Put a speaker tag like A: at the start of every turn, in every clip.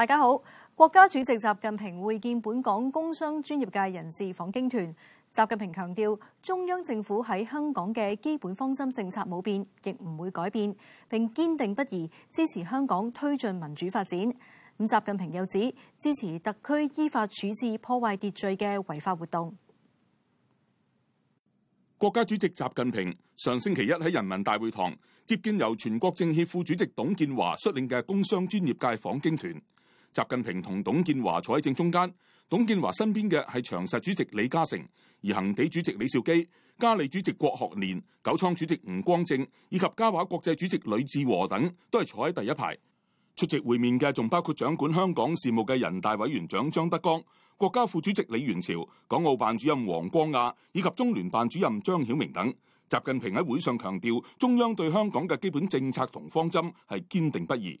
A: 大家好，國家主席習近平會見本港工商專業界人士訪京團。習近平強調，中央政府喺香港嘅基本方針政策冇變，亦唔會改變，並堅定不移支持香港推進民主發展。咁，習近平又指支持特區依法處置破壞秩序嘅違法活動。
B: 國家主席習近平上星期一喺人民大會堂接見由全國政協副主席董建華率領嘅工商專業界訪京團。習近平同董建華坐喺正中間，董建華身邊嘅係長實主席李嘉誠，而恆地主席李兆基、嘉里主席郭鶴年、九倉主席吳光正以及嘉華國際主席呂志和等都係坐喺第一排。出席會面嘅仲包括掌管香港事務嘅人大委員長張德江、國家副主席李源潮、港澳辦主任王光亞以及中聯辦主任張曉明等。習近平喺會上強調，中央對香港嘅基本政策同方針係堅
C: 定不移。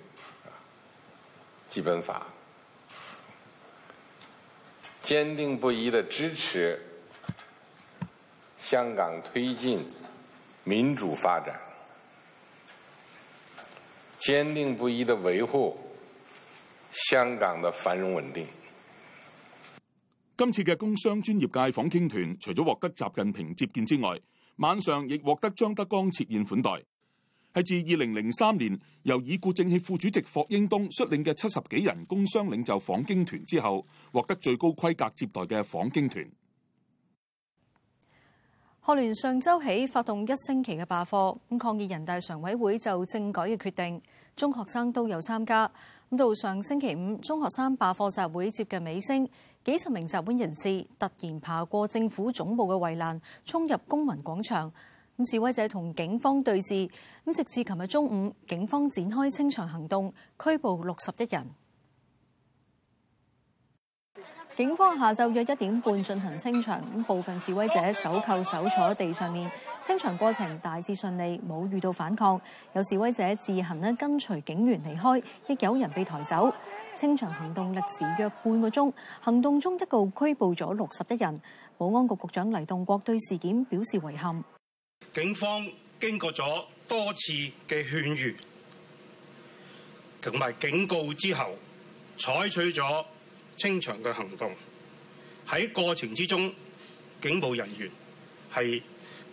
C: 基本法，堅定不移的支持香港推進民主發展，堅定不移的維護香港的繁榮穩定。
B: 今次嘅工商專業界訪京團，除咗獲得習近平接見之外，晚上亦獲得張德江設宴款待。係自二零零三年由已故政協副主席霍英東率領嘅七十幾人工商領袖訪京團之後，獲得最高規格接待嘅訪京團。
A: 學聯上周起發動一星期嘅罷課，咁抗議人大常委會就政改嘅決定，中學生都有參加。咁到上星期五，中學生罷課集會接近尾聲，幾十名集會人士突然爬過政府總部嘅圍欄，衝入公民廣場。示威者同警方對峙，咁直至琴日中午，警方展開清場行動，拘捕六十一人。警方下晝約一點半進行清場，咁部分示威者手扣手坐喺地上面。清場過程大致順利，冇遇到反抗，有示威者自行咧跟隨警員離開，亦有人被抬走。清場行動歷時約半個鐘，行動中一度拘捕咗六十一人。保安局局長黎棟國對事件表示遺憾。
C: 警方經過咗多次嘅勸喻同埋
D: 警告之後，採取咗清場嘅行動。喺過程之中，警務人員係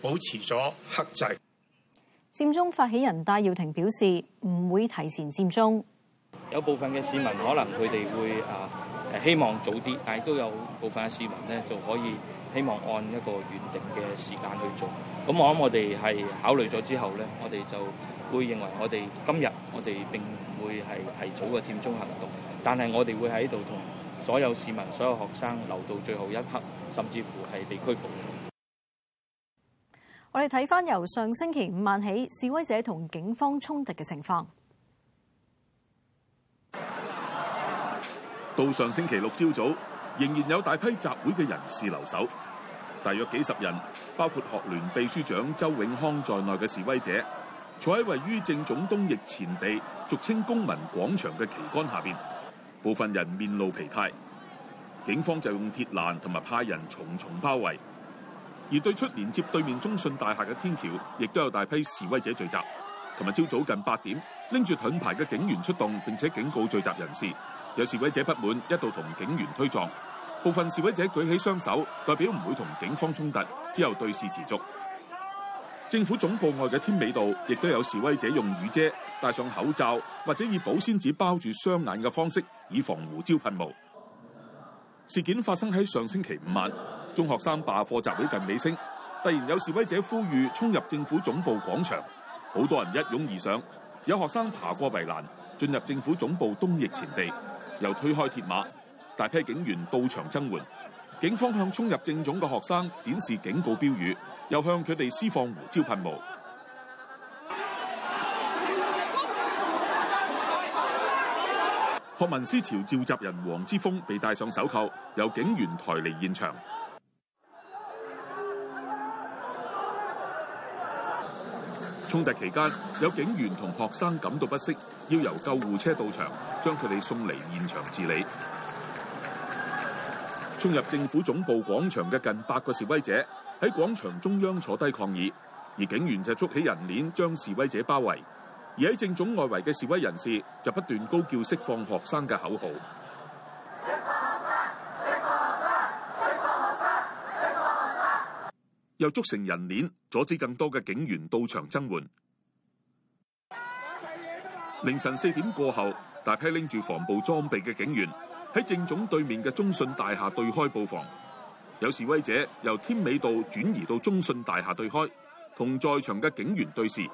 D: 保持咗克制。
A: 佔中發起人戴耀廷表示唔會提前佔中。
D: 有部分嘅市民可能佢哋會啊。希望早啲，但係都有部分嘅市民呢，就可以希望按一個原定嘅時間去做。咁我諗我哋係考慮咗之後呢，我哋就會認為，我哋今日我哋並唔會係提早嘅佔中行動，但係我哋會喺度同所有市民、所有學生留到最後一刻，甚至乎係被拘捕。
A: 我哋睇翻，由上星期五晚起示威者同警方衝突嘅情況。
B: 到上星期六朝早，仍然有大批集會嘅人士留守，大約幾十人，包括學聯秘書長周永康在內嘅示威者，坐喺位於政總東翼前地，俗稱公民廣場嘅旗杆下邊，部分人面露疲態，警方就用鐵欄同埋派人重重包圍，而對出連接對面中信大廈嘅天橋亦都有大批示威者聚集。琴日朝早近八點，拎住盾牌嘅警員出動，並且警告聚集人士。有示威者不滿，一度同警員推撞，部分示威者舉起雙手，代表唔會同警方衝突，之後對峙持續。政府總部外嘅添美道亦都有示威者用雨遮、戴上口罩或者以保鮮紙包住雙眼嘅方式，以防胡椒噴霧。事件發生喺上星期五晚，中學生罷課集會近尾聲，突然有示威者呼籲衝入政府總部廣場，好多人一擁而上，有學生爬過圍欄進入政府總部東翼前地。又推開鐵馬，大批警員到場增援，警方向衝入政總嘅學生展示警告標語，又向佢哋施放胡椒噴霧。學民思潮召集人黃之鋒被戴上手銬，由警員抬離現場。衝突期間，有警員同學生感到不適，要由救護車到場將佢哋送離現場治理。衝入政府總部廣場嘅近百個示威者喺廣場中央坐低抗議，而警員就築起人鏈將示威者包圍，而喺政總外圍嘅示威人士就不斷高叫釋放學生嘅口號。又捉成人鏈，阻止更多嘅警員到場增援。凌晨四點過後，大批拎住防暴裝備嘅警員喺政總對面嘅中信大廈對開布防。有示威者由添美道轉移到中信大廈對開，同在場嘅警員對峙。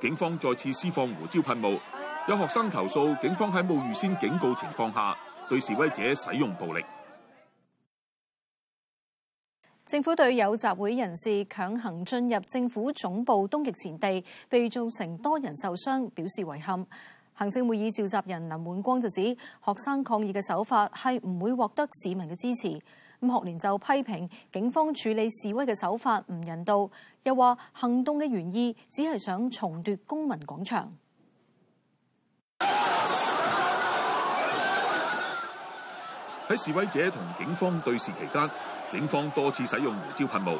B: 警方再次施放胡椒噴霧。有學生投訴，警方喺冇預先警告情況下對示威者使用暴力。
A: 政府對有集會人士強行進入政府總部東翼前地，被造成多人受傷表示遺憾。行政會議召集人林煥光就指，學生抗議嘅手法係唔會獲得市民嘅支持。咁學聯就批評警方處理示威嘅手法唔人道，又話行動嘅原意只係想重奪公民廣場。
B: 喺示威者同警方對峙期間，警方多次使用胡椒噴霧，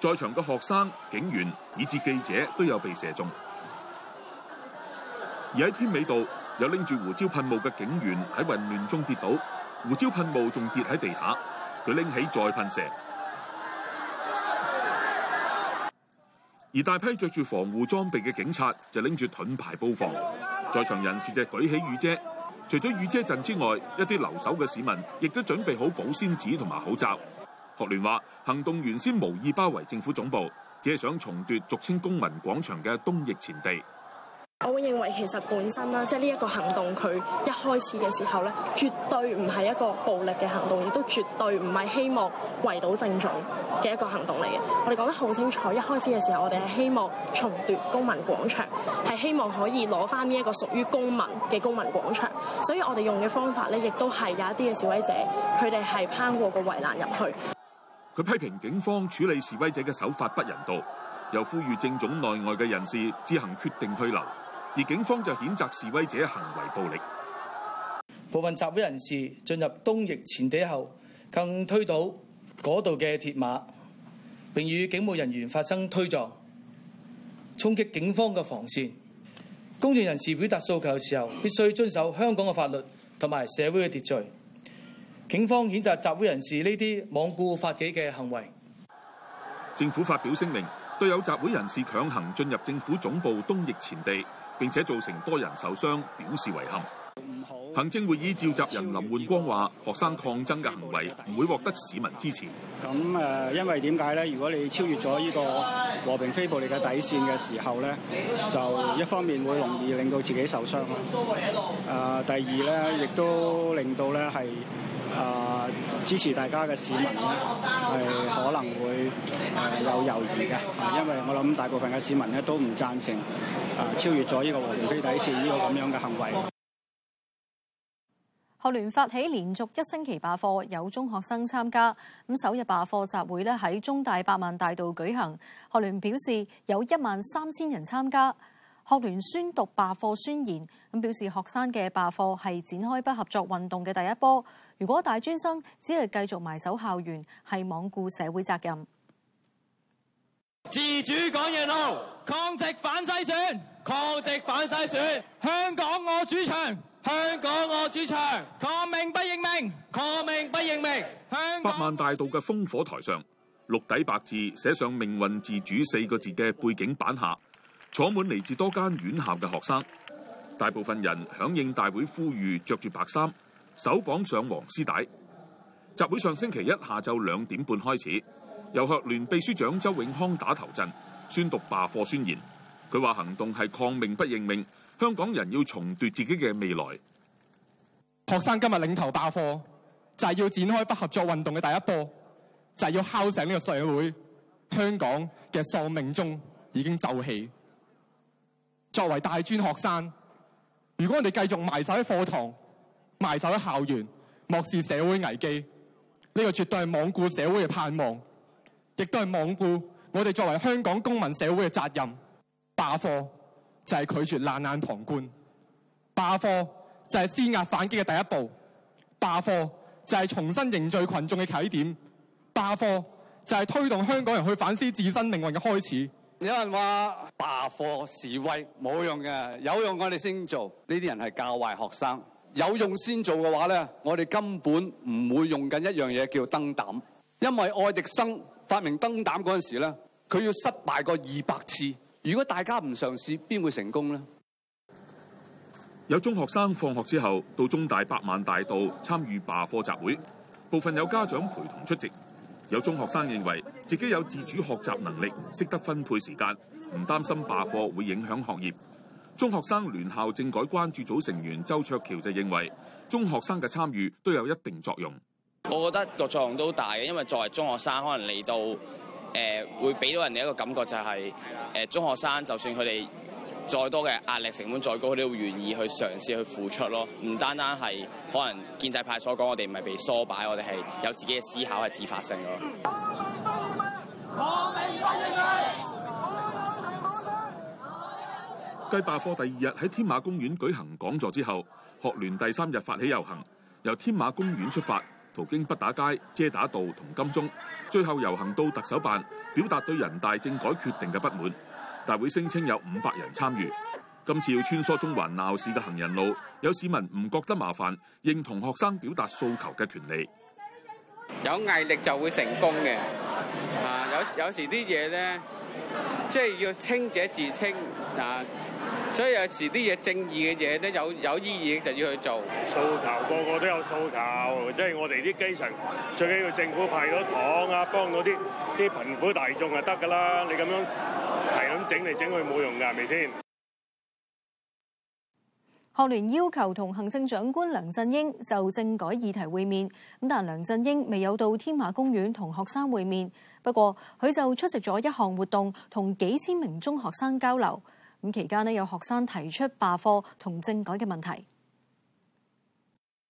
B: 在場嘅學生、警員以至記者都有被射中。而喺天尾度添美道，有拎住胡椒噴霧嘅警員喺混亂中跌倒，胡椒噴霧仲跌喺地下，佢拎起再噴射。而大批着住防護裝備嘅警察就拎住盾牌布防，在場人士就舉起雨遮，除咗雨遮陣之外，一啲留守嘅市民亦都準備好保鮮紙同埋口罩。學聯話行動原先無意包圍政府總部，只係想重奪俗稱公民廣場嘅東翼前地。
A: 我會認為其實本身呢，即係呢一個行動，佢一開始嘅時候呢，絕對唔係一個暴力嘅行動，亦都絕對唔係希望圍堵政總嘅一個行動嚟嘅。我哋講得好清楚，一開始嘅時候，我哋係希望重奪公民廣場，係希望可以攞翻呢一個屬於公民嘅公民廣場。所以我哋用嘅方法呢，亦都係有一啲嘅示威者，佢哋係攀過個圍欄入
B: 去。佢批評警方處理示威者嘅手法不人道，又呼籲政總內外嘅人士自行決定去留，而警方就譴責示威者行為暴力。
D: 部分集會人士進入東翼前地後，更推倒嗰度嘅鐵馬，並與警務人員發生推撞，衝擊警方嘅防線。公眾人士表達訴求嘅時候，必須遵守香港嘅法律同埋社會嘅秩序。警方譴責集會人士呢啲罔顧法紀嘅行為。政府發表聲明，對有集會人士強
B: 行進入政府總部東翼前地，並且造成多人受傷表示遺憾。行政會議召集人林煥光話：學生抗爭嘅行為唔會獲得市民
C: 支持。咁誒，因為點解咧？如果你超越咗呢個和平非暴力嘅底線嘅時候咧，就一方面會容易令到自己受傷啦。誒、啊，第二咧，亦都令到咧係誒支持大家嘅市民咧，係可能會誒、啊、有猶豫嘅、啊，因為我諗大部分嘅市民咧都唔贊成誒、啊、超越咗呢個和平非底線呢個咁樣嘅行為。
A: 學聯發起連續一星期罷課，有中學生參加。咁首日罷課集會咧，喺中大百萬大道舉行。學聯表示有一萬三千人參加。學聯宣讀罷課宣言，咁表示學生嘅罷課係展開不合作運動嘅第一波。如果大專生只係繼續埋首校園，係罔顧社會責任。
E: 自主港人路，
D: 抗殖反篩選，抗殖反篩選，香港我主場。香港我主場，抗命不認命，抗命不認命。香
B: 港。百萬大道嘅烽火台上，綠底白字寫上“命運自主”四個字嘅背景板下，坐滿嚟自多間院校嘅學生，大部分人響應大會呼籲，着住白衫，手綁上黃絲帶。集會上星期一下晝兩點半開始，由學聯秘書長周永康打頭陣，宣讀罷課宣言。佢話行動係抗命不認命。香港人要重奪自己嘅未來。
D: 學生今日領頭罷課，就係要展開不合作運動嘅第一波，就係要敲醒呢個社會。香港嘅喪鐘已經敲起。作為大專學生，如果我哋繼續埋首喺課堂、埋首喺校園，漠視社會危機，呢個絕對係罔顧社會嘅盼望，亦都係罔顧我哋作為香港公民社會嘅責任。罷課！就係拒絕冷眼旁觀，罷課就係施壓反擊嘅第一步，罷課就係重新凝聚群眾嘅起點，罷課就係推動香港人去反思自身命運嘅開始。
C: 有人話罷課示威冇用嘅，有用我哋先做。呢啲人係教壞學生，有用先做嘅話咧，我哋根本唔會用緊一樣嘢叫燈膽，
D: 因為愛迪生發明燈膽嗰陣時咧，佢要失敗過二百次。如果大家唔嘗試，邊會成功呢？
B: 有中學生放學之後到中大百萬大道參與罷課集會，部分有家長陪同出席。有中學生認為自己有自主學習能力，識得分配時間，唔擔心罷課會影響學業。中學生聯校政改關注組成員周卓橋就認為，中學生嘅參與都有一定作用。
D: 我覺得個作用都大嘅，因為作為中學生，可能嚟到。誒、呃、會俾到人哋一個感覺就係、是、誒、呃、中學生就算佢哋再多嘅壓力，成本再高，佢哋都願意去嘗試去付出咯。唔單單係可能建制派所講，我哋唔係被梳擺，我哋係有自己嘅思考是的，係自發性咯。
B: 繼罷課第二日喺添馬公園舉行講座之後，學聯第三日發起遊行，由添馬公園出發。途經畢打街、遮打道同金鐘，最後遊行到特首辦，表達對人大政改決定嘅不滿。大會聲稱有五百人參與。今次要穿梭中環鬧市嘅行人路，有市民唔覺得麻煩，認同學生表達訴求嘅權利。
D: 有毅力就會成功嘅。啊，有有時啲嘢咧，即係要清者自清。啊。所以有時啲嘢正義嘅嘢咧，有有意義就要去做。訴求個個都有訴求，即係我哋啲基層，最緊要政府派
B: 咗糖啊，幫到啲啲貧苦大眾啊得㗎啦！你咁樣係咁整嚟整去冇用㗎，係咪先？
A: 學聯要求同行政長官梁振英就政改議題會面，咁但梁振英未有到添馬公園同學生會面。不過佢就出席咗一項活動，同幾千名中學生交流。咁期間有學生提出罷課同政改嘅問題。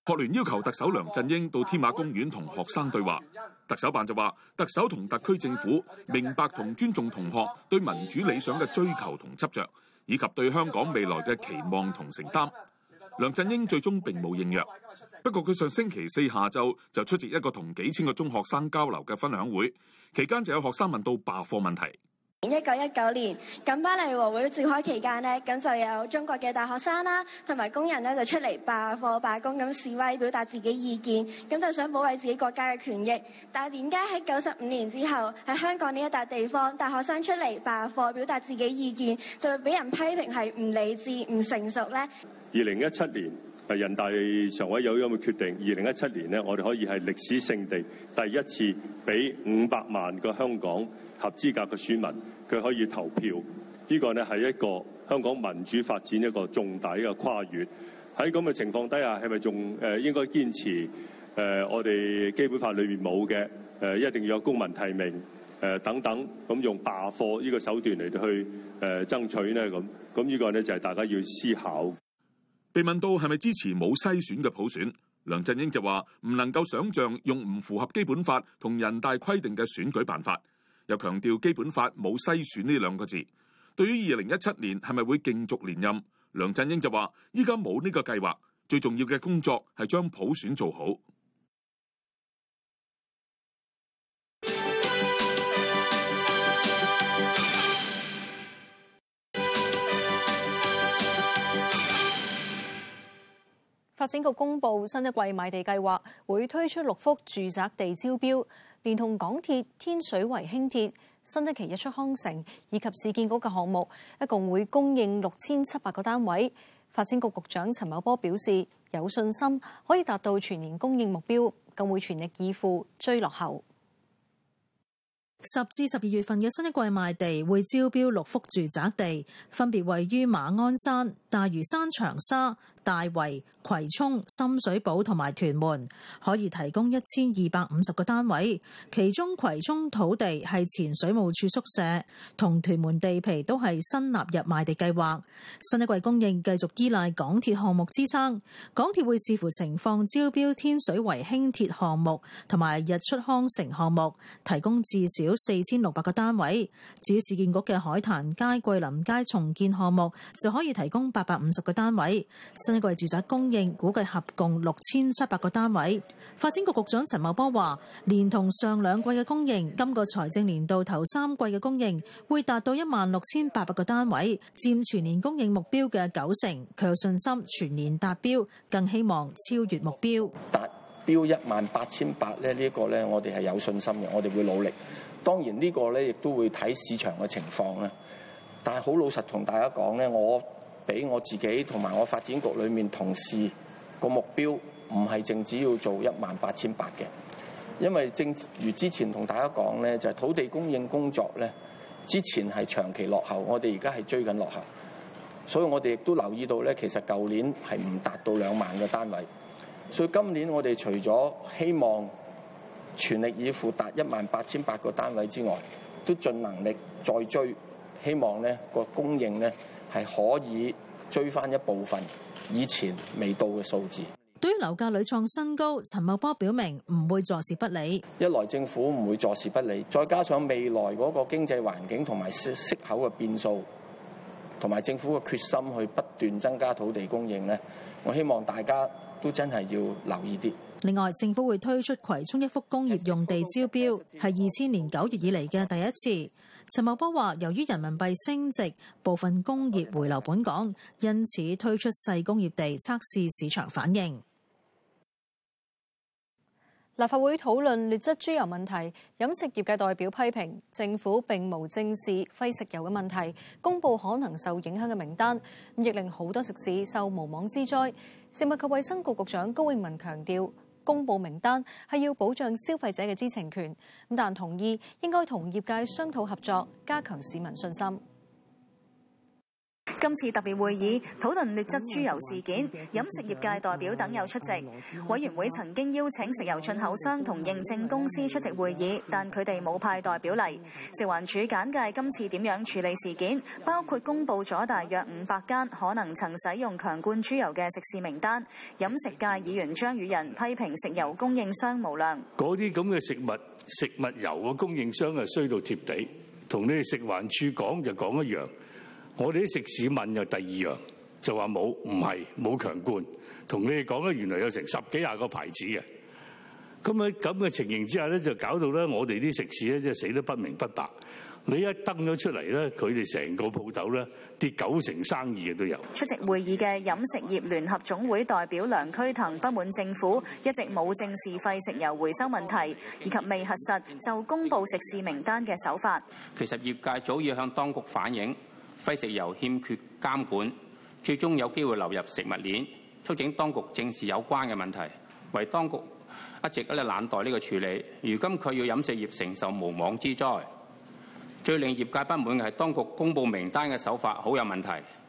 B: 學聯要求特首梁振英到添馬公園同學生對話，特首辦就話：特首同特區政府明白同尊重同學對民主理想嘅追求同執着，以及對香港未來嘅期望同承擔。梁振英最終並冇應約，不過佢上星期四下晝就出席一個同幾千個中學生交流嘅分享會，期間就有學生問到罷課問題。
E: 一九一九年，咁巴黎和會召開期間呢，咁就有中國嘅大學生啦、啊，同埋工人咧就出嚟罷課罷工，咁示威表達自己意見，咁就想保衛自己國家嘅權益。但係點解喺九十五年之後，喺香港呢一笪地方，大學生出嚟罷課，表達自己意見，就俾人批評係唔理智、唔成熟呢？
B: 二零一七年。人大常委有咁嘅決定，二零一七年呢，我哋可以係歷史性地第一次俾五百萬個香港合資格嘅選民，佢可以投票。呢、這個呢，係一個香港民主發展一個重大嘅跨越。喺咁嘅情況底下，係咪仲誒應該堅持、呃、我哋基本法裏面冇嘅、呃、一定要有公民提名、呃、等等，咁用罷課呢個手段嚟去誒、呃、爭取呢？咁咁呢個呢，就係、是、大家要思考。被問到係咪支持冇篩選嘅普選，梁振英就話唔能夠想象用唔符合基本法同人大規定嘅選舉辦法。又強調基本法冇篩選呢兩個字。對於二零一七年係咪會競逐連任，梁振英就話依家冇呢個計劃。最重要嘅工作係將普選做好。
A: 發展局公布新一季賣地計劃，會推出六幅住宅地招標，連同港鐵天水圍輕鐵新一期日出康城以及市建局嘅項目，一共會供應六千七百個單位。發展局局長陳茂波表示有信心可以達到全年供應目標，更會全力以赴追落後。
F: 十至十二月份嘅新一季賣地會招標六幅住宅地，分別位於馬鞍山、大嶼山、長沙、大圍、葵涌、深水埗同埋屯門可以提供一千二百五十個單位，其中葵涌土地係前水務署宿舍，同屯門地皮都係新納入賣地計劃。新一季供應繼續依賴港鐵項目支撐，港鐵會視乎情況招標天水圍輕鐵項目同埋日出康城項目，提供至少四千六百個單位。至於市建局嘅海壇街、桂林街重建項目，就可以提供八百五十個單位。新一季住宅供應估計合共六千七百個單位。發展局局長陳茂波話，連同上兩季嘅供應，今個財政年度頭三季嘅供應會達到一萬六千八百個單位，佔全年供應目標嘅九成。佢有信心全年達標，更希望超越目標。
D: 達標一萬八千八咧，呢個咧我哋係有信心嘅，我哋會努力。當然呢個咧亦都會睇市場嘅情況啦。但係好老實同大家講咧，我。俾我自己同埋我發展局裏面同事個目標，唔係淨止要做一萬八千八嘅，因為正如之前同大家講呢，就係土地供應工作呢，之前係長期落後，我哋而家係追緊落後，所以我哋亦都留意到呢，其實舊年係唔達到兩萬個單位，所以今年我哋除咗希望全力以赴達一萬八千八個單位之外，都盡能力再追，希望呢個供應呢。係可以追翻一部分以前未到嘅數
F: 字。對於樓價屢創新高，陳茂波表明唔會坐視不理。一來政府
D: 唔會坐視不理，再加上未來嗰個經濟環境同埋息口嘅變數，同埋政府嘅決心去不斷增加土地供應呢，我希望大家都真係要留意啲。
F: 另外，政府會推出葵涌一幅工業用地招標，係二千年九月以嚟嘅第一次。陳茂波話，由於人民幣升值，部分工業回流本港，因此推出細工業地測試市場反應。
A: 立法會討論劣質豬油問題，飲食業界代表批評政府並無正視廢食油嘅問題，公佈可能受影響嘅名單，亦令好多食肆受無妄之災。食物及衛生局局長高永文強調。公布名單係要保障消費者嘅知情權，但同意應該同業界商討合作，加強市民信心。
E: 今次特別會議討論劣質豬油事件，飲食業界代表等有出席。委員會曾經邀請食油進口商同認證公司出席會議，但佢哋冇派代表嚟。食環署簡介今次點樣處理事件，包括公布咗大約五百間可能曾使用強冠豬油嘅食肆名單。飲食界議員張宇人批評食油供應商無量。
B: 嗰啲咁嘅食物、食物油嘅供應商啊，衰到貼地，同你食環署講就講一樣。我哋啲食肆問又第二樣，就話冇唔係冇強冠同你哋講咧，原來有成十幾廿個牌子嘅。咁喺咁嘅情形之下咧，就搞到咧我哋啲食肆咧即係死得不明不白。你一登咗出嚟咧，佢哋成個鋪頭咧跌九成生意嘅都有。
E: 出席會議嘅飲食業聯合總會代表梁區騰不滿政府一直冇正視廢食油回收問題，以及未核實就公佈食肆名單嘅手法。
D: 其實業界早已向當局反映。廢食油欠缺監管，最終有機會流入食物鏈，促請當局正視有關嘅問題，為當局一直咧懶待呢個處理，如今佢要飲食業承受無妄之災，最令業界不滿嘅係當局公布名單嘅手法好有問題，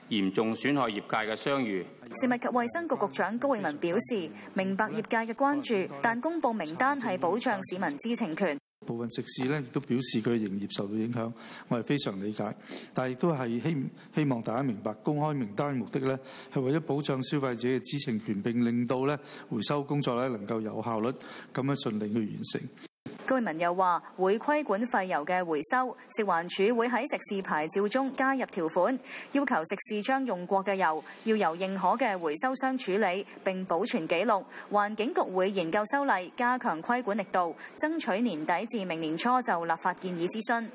D: 嚴重損害業界嘅商譽，
E: 食物及衛生局局長高永文表示，明白業界嘅關注，但公布名單係保障市民知情權。
C: 部分食肆咧亦都表示佢嘅營業受到影響，我係非常理解，但係亦都係希希望大家明白公開名單的目的咧係為咗保障消費者嘅知情權，並令到咧回收工作咧能夠有效率咁樣順利去完成。
E: 居民又話會規管廢油嘅回收，食環署會喺食肆牌照中加入條款，要求食肆將用過嘅油要由認可嘅回收商處理並保存記錄。環境局會研究修例，加強規管力度，爭取年底至明年初就立法建議諮詢。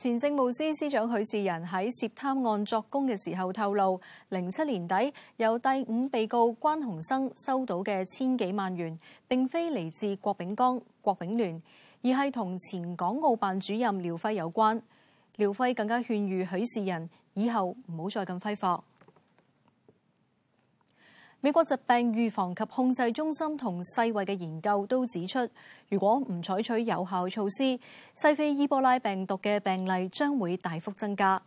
A: 前政務司司長許仕仁喺涉貪案作供嘅時候透露，零七年底由第五被告關洪生收到嘅千幾萬元，並非嚟自郭炳江、郭炳聯，而係同前港澳辦主任廖暉有關。廖暉更加勸喻許仕仁以後唔好再咁揮霍。美國疾病預防及控制中心同世衛嘅研究都指出，如果唔採取有效措施，西非伊波拉病毒
G: 嘅病例將會大幅增加。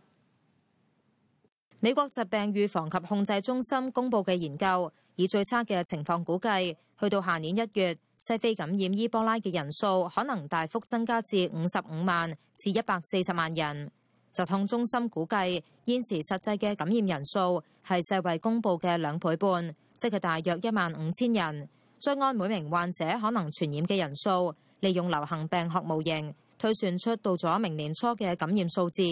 G: 美國疾病預防及控制中心公佈嘅研究，以最差嘅情況估計，去到下年一月，西非感染伊波拉嘅人數可能大幅增加至五十五萬至一百四十萬人。疾控中心估計現時實際嘅感染人數係世衛公布嘅兩倍半，即係大約一萬五千人。再按每名患者可能傳染嘅人數，利用流行病學模型推算出到咗明年初嘅感染數字。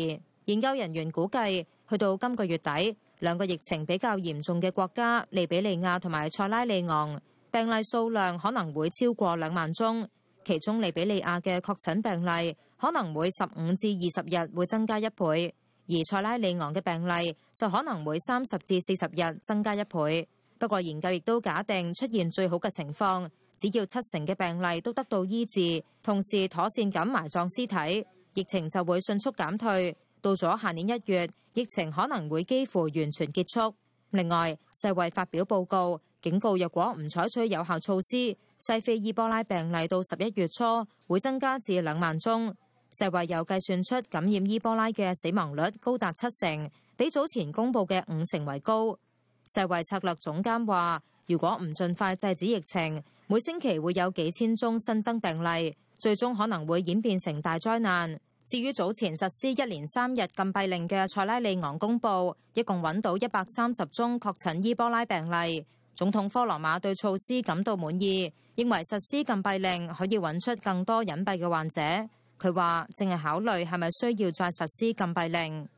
G: 研究人員估計去到今個月底，兩個疫情比較嚴重嘅國家——利比利亞同埋塞拉利昂——病例數量可能會超過兩萬宗，其中利比利亞嘅確診病例。可能會十五至二十日會增加一倍，而塞拉利昂嘅病例就可能會三十至四十日增加一倍。不過研究亦都假定出現最好嘅情況，只要七成嘅病例都得到醫治，同時妥善咁埋葬屍體，疫情就會迅速減退。到咗下年一月，疫情可能會幾乎完全結束。另外世衛發表報告警告，若果唔採取有效措施，西非伊波拉病例到十一月初會增加至兩萬宗。世衛又計算出感染伊波拉嘅死亡率高達七成，比早前公布嘅五成為高。世衛策略總監話，如果唔盡快制止疫情，每星期會有幾千宗新增病例，最終可能會演變成大災難。至於早前實施一連三日禁閉令嘅塞拉利昂公布，一共揾到一百三十宗確診伊波拉病例。總統科羅馬對措施感到滿意，認為實施禁閉令可以揾出更多隱蔽嘅患者。佢話：淨係考慮係咪需要再實施禁閉令？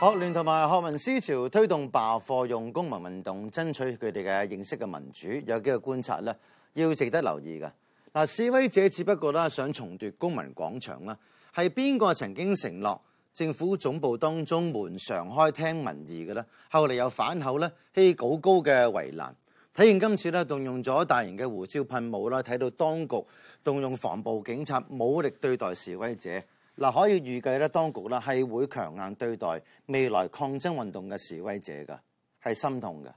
C: 學聯同埋學民思潮推動罷課，用公民運動爭取佢哋嘅認識嘅民主，有幾個觀察呢，要值得留意㗎。嗱，示威者只不過咧想重奪公民廣場啦。係邊個曾經承諾政府總部當中門常開聽民意嘅咧？後嚟又反口咧，起好高嘅圍欄。體現今次咧，動用咗大型嘅胡椒噴霧啦，睇到當局動用防暴警察武力對待示威者，嗱，可以預計咧，當局咧係會強硬對待未來抗爭運動嘅示威者嘅，係心痛嘅。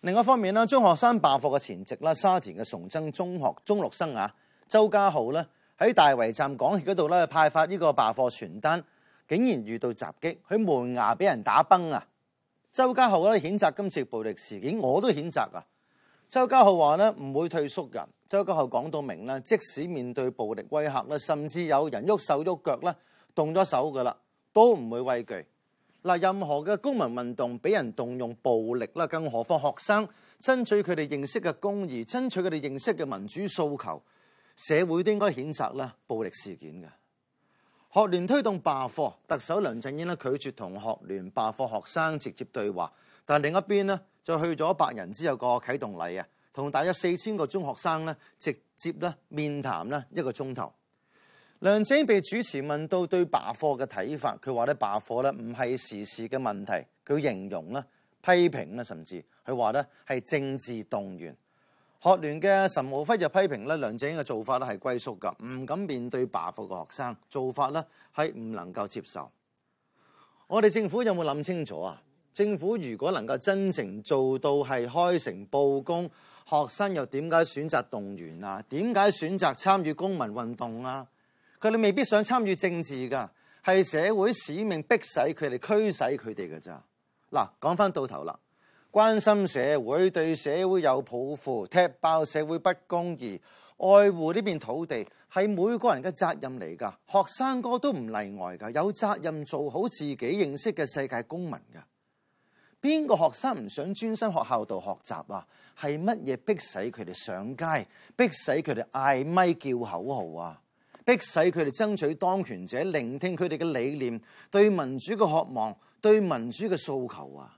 C: 另外一方面咧，中學生罷課嘅前夕咧，沙田嘅崇真中學中六生啊，周家豪咧喺大圍站港鐵嗰度咧派發呢個罷課傳單，竟然遇到襲擊，佢門牙俾人打崩啊！周家豪咧譴責今次暴力事件，我都譴責啊！周家豪話咧唔會退縮人，周家豪講到明啦，即使面對暴力威吓啦，甚至有人喐手喐腳啦動咗手噶啦，都唔會畏懼。嗱，任何嘅公民運動俾人動用暴力啦，更何況學生爭取佢哋認識嘅公義，爭取佢哋認識嘅民主訴求，社會都應該譴責啦暴力事件嘅。學聯推動罷課，特首梁振英咧拒絕同學聯罷課學生直接對話，但另一邊就去咗百人之後個啟動禮同大約四千個中學生直接面談一個鐘頭。梁振英被主持問到對罷課嘅睇法，佢話咧罷課咧唔係時事嘅問題，佢形容批評啦，甚至佢話咧係政治動員。學聯嘅岑敖暉就批評咧，梁振英嘅做法咧係龜縮噶唔敢面對罷課嘅學生，做法咧係唔能夠接受。我哋政府有冇諗清楚啊？政府如果能夠真正做到係開誠布公，學生又點解選擇動員啊？點解選擇參與公民運動啊？佢哋未必想參與政治噶係社會使命逼使佢哋驅使佢哋嘅咋？嗱，講翻到頭啦。關心社會，對社會有抱負，踢爆社會不公義，愛護呢片土地，係每個人嘅責任嚟噶。學生哥都唔例外噶，有責任做好自己認識嘅世界公民噶。邊個學生唔想專心學校度學習啊？係乜嘢逼使佢哋上街，逼使佢哋嗌咪叫口號啊？逼使佢哋爭取當權者，聆聽佢哋嘅理念，對民主嘅渴望，對民主嘅訴求啊！